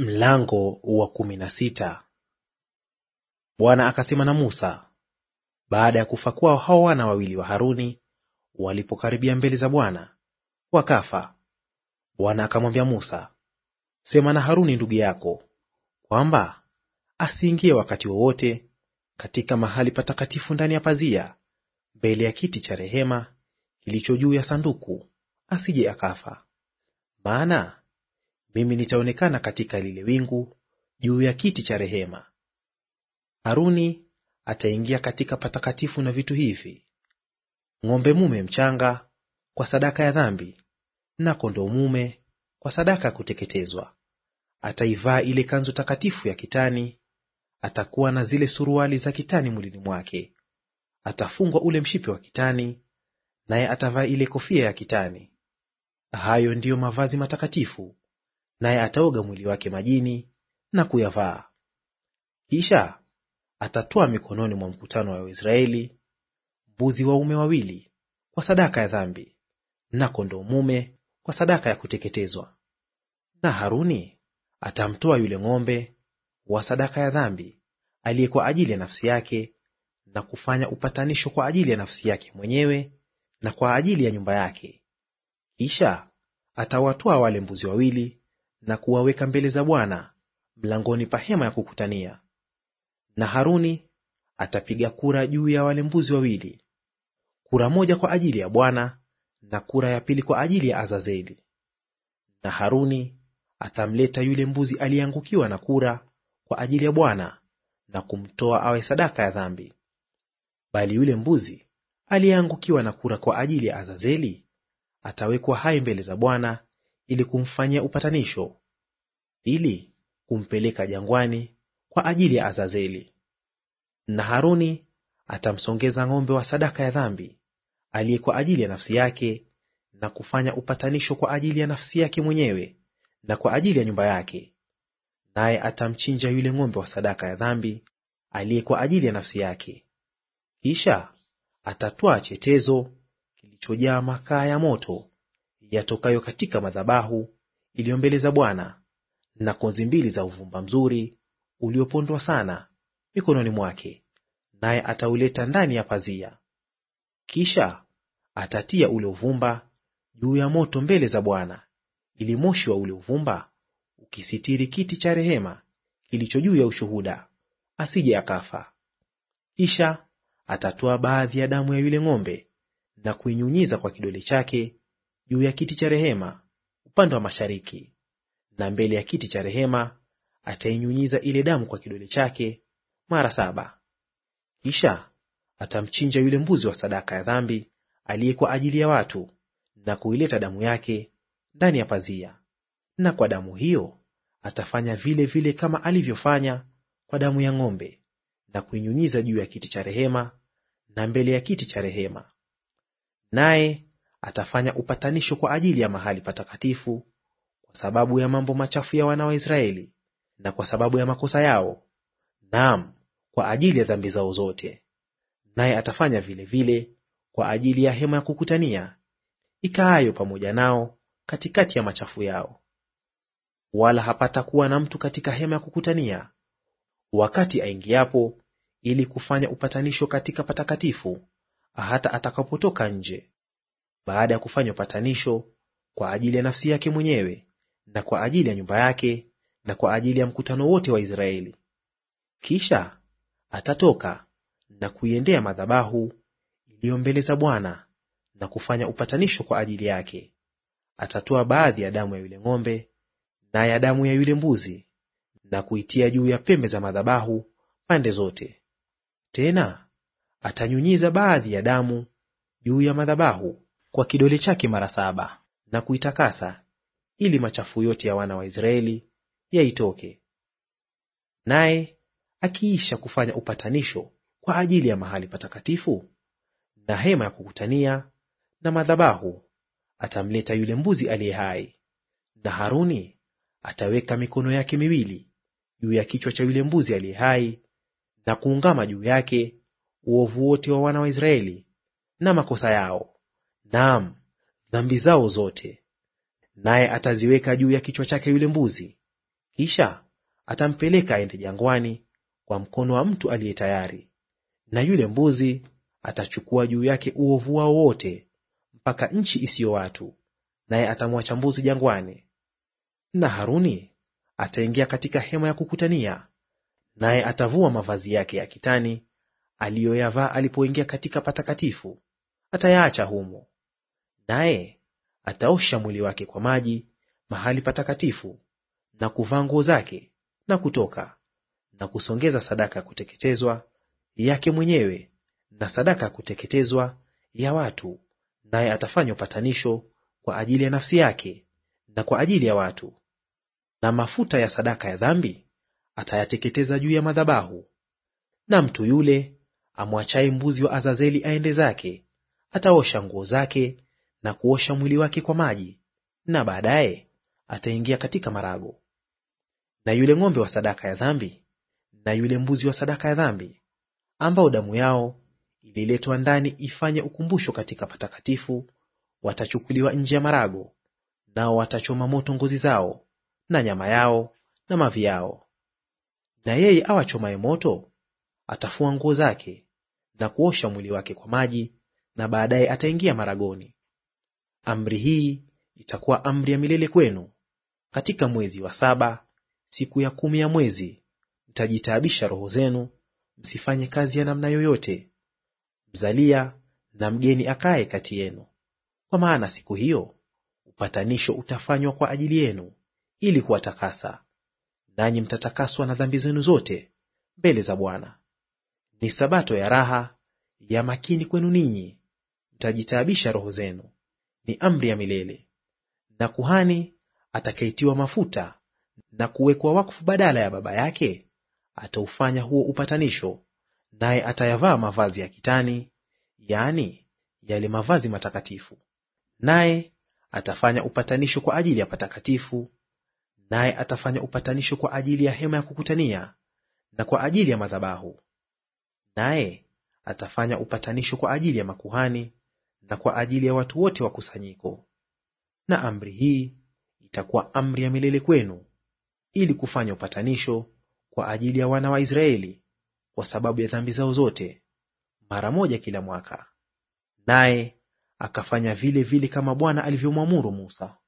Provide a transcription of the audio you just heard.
Mlango wa kumi na sita. Bwana akasema na Musa baada ya kufa kwao hao wana wawili wa Haruni walipokaribia mbele za Bwana wakafa. Bwana akamwambia Musa, sema na Haruni ndugu yako kwamba asiingie wakati wowote katika mahali patakatifu ndani ya pazia mbele ya kiti cha rehema kilicho juu ya sanduku, asije akafa. Maana mimi nitaonekana katika lile wingu juu ya kiti cha rehema. Haruni ataingia katika patakatifu na vitu hivi: ng'ombe mume mchanga kwa sadaka ya dhambi, na kondoo mume kwa sadaka ya kuteketezwa. Ataivaa ile kanzu takatifu ya kitani, atakuwa na zile suruali za kitani mwilini mwake. Atafungwa ule mshipi wa kitani, naye atavaa ile kofia ya kitani. Hayo ndiyo mavazi matakatifu naye ataoga mwili wake majini na kuyavaa. Kisha atatoa mikononi mwa mkutano wa Waisraeli mbuzi waume wawili kwa sadaka ya dhambi na kondoo mume kwa sadaka ya kuteketezwa. Na Haruni atamtoa yule ng'ombe wa sadaka ya dhambi aliye kwa ajili ya nafsi yake, na kufanya upatanisho kwa ajili ya nafsi yake mwenyewe na kwa ajili ya nyumba yake. Kisha atawatoa wale mbuzi wawili na kuwaweka mbele za Bwana mlangoni pa hema ya kukutania. Na Haruni atapiga kura juu ya wale mbuzi wawili, kura moja kwa ajili ya Bwana na kura ya pili kwa ajili ya Azazeli. Na Haruni atamleta yule mbuzi aliyeangukiwa na kura kwa ajili ya Bwana na kumtoa awe sadaka ya dhambi. Bali yule mbuzi aliyeangukiwa na kura kwa ajili ya Azazeli atawekwa hai mbele za Bwana ili kumfanyia upatanisho, ili kumpeleka jangwani kwa ajili ya Azazeli. Na Haruni atamsongeza ng'ombe wa sadaka ya dhambi aliye kwa ajili ya nafsi yake, na kufanya upatanisho kwa ajili ya nafsi yake mwenyewe na kwa ajili ya nyumba yake. Naye atamchinja yule ng'ombe wa sadaka ya dhambi aliye kwa ajili ya nafsi yake. Kisha atatwaa chetezo kilichojaa makaa ya moto yatokayo katika madhabahu iliyo mbele za Bwana, na konzi mbili za uvumba mzuri uliopondwa sana mikononi mwake, naye atauleta ndani ya pazia. Kisha atatia ule uvumba juu ya moto mbele za Bwana, ili moshi wa ule uvumba ukisitiri kiti cha rehema kilicho juu ya ushuhuda, asije akafa. Kisha atatoa baadhi ya damu ya yule ng'ombe na kuinyunyiza kwa kidole chake juu ya kiti cha rehema upande wa mashariki, na mbele ya kiti cha rehema atainyunyiza ile damu kwa kidole chake mara saba. Kisha atamchinja yule mbuzi wa sadaka ya dhambi aliye kwa ajili ya watu, na kuileta damu yake ndani ya pazia, na kwa damu hiyo atafanya vile vile kama alivyofanya kwa damu ya ng'ombe, na kuinyunyiza juu ya kiti cha rehema na mbele ya kiti cha rehema. Naye atafanya upatanisho kwa ajili ya mahali patakatifu kwa sababu ya mambo machafu ya wana wa Israeli na kwa sababu ya makosa yao, naam, kwa ajili ya dhambi zao zote. Naye atafanya vile vile kwa ajili ya hema ya kukutania ikaayo pamoja nao katikati ya machafu yao. Wala hapatakuwa na mtu katika hema ya kukutania wakati aingiapo, ili kufanya upatanisho katika patakatifu, hata atakapotoka nje baada ya kufanya upatanisho kwa ajili ya nafsi yake mwenyewe na kwa ajili ya nyumba yake na kwa ajili ya mkutano wote wa Israeli. Kisha atatoka na kuiendea madhabahu iliyo mbele za Bwana na kufanya upatanisho kwa ajili yake. Atatoa baadhi ya damu ya yule ng'ombe na ya damu ya yule mbuzi na kuitia juu ya pembe za madhabahu pande zote. Tena atanyunyiza baadhi ya damu juu ya madhabahu kwa kidole chake mara saba na kuitakasa ili machafu yote ya wana wa Israeli yaitoke. Naye akiisha kufanya upatanisho kwa ajili ya mahali patakatifu na hema ya kukutania na madhabahu, atamleta yule mbuzi aliye hai, na Haruni ataweka mikono yake miwili juu ya kichwa cha yule mbuzi aliye hai na kuungama juu yake uovu wote wa wana wa Israeli na makosa yao naam, dhambi zao zote, naye ataziweka juu ya kichwa chake yule mbuzi, kisha atampeleka aende jangwani kwa mkono wa mtu aliye tayari, na yule mbuzi atachukua juu yake uovu wao wote mpaka nchi isiyo watu, naye atamwacha mbuzi jangwani. Na Haruni ataingia katika hema ya kukutania, naye atavua mavazi yake ya kitani aliyoyavaa alipoingia katika patakatifu, atayaacha humo. Naye ataosha mwili wake kwa maji mahali patakatifu, na kuvaa nguo zake na kutoka, na kusongeza sadaka ya kuteketezwa yake mwenyewe na sadaka ya kuteketezwa ya watu, naye atafanya upatanisho kwa ajili ya nafsi yake na kwa ajili ya watu. Na mafuta ya sadaka ya dhambi atayateketeza juu ya madhabahu. Na mtu yule amwachaye mbuzi wa Azazeli aende zake ataosha nguo zake na kuosha mwili wake kwa maji, na baadaye ataingia katika marago. Na yule ng'ombe wa sadaka ya dhambi na yule mbuzi wa sadaka ya dhambi ambao damu yao ililetwa ndani ifanye ukumbusho katika patakatifu, watachukuliwa nje ya marago, nao watachoma moto ngozi zao na nyama yao na mavi yao. Na yeye awachomaye moto atafua nguo zake na kuosha mwili wake kwa maji, na baadaye ataingia maragoni. Amri hii itakuwa amri ya milele kwenu. Katika mwezi wa saba, siku ya kumi ya mwezi, mtajitaabisha roho zenu, msifanye kazi ya namna yoyote, mzalia na mgeni akaye kati yenu, kwa maana siku hiyo upatanisho utafanywa kwa ajili yenu ili kuwatakasa, nanyi mtatakaswa na dhambi zenu zote mbele za Bwana. Ni sabato ya raha ya makini kwenu ninyi, mtajitaabisha roho zenu ni amri ya milele. Na kuhani atakayetiwa mafuta na kuwekwa wakfu badala ya baba yake ataufanya huo upatanisho, naye atayavaa mavazi ya kitani, yaani yale mavazi matakatifu, naye atafanya upatanisho kwa ajili ya patakatifu, naye atafanya upatanisho kwa ajili ya hema ya kukutania na kwa ajili ya madhabahu, naye atafanya upatanisho kwa ajili ya makuhani na kwa ajili ya watu wote wa kusanyiko. Na amri hii itakuwa amri ya milele kwenu, ili kufanya upatanisho kwa ajili ya wana wa Israeli kwa sababu ya dhambi zao zote, mara moja kila mwaka. Naye akafanya vile vile kama Bwana alivyomwamuru Musa.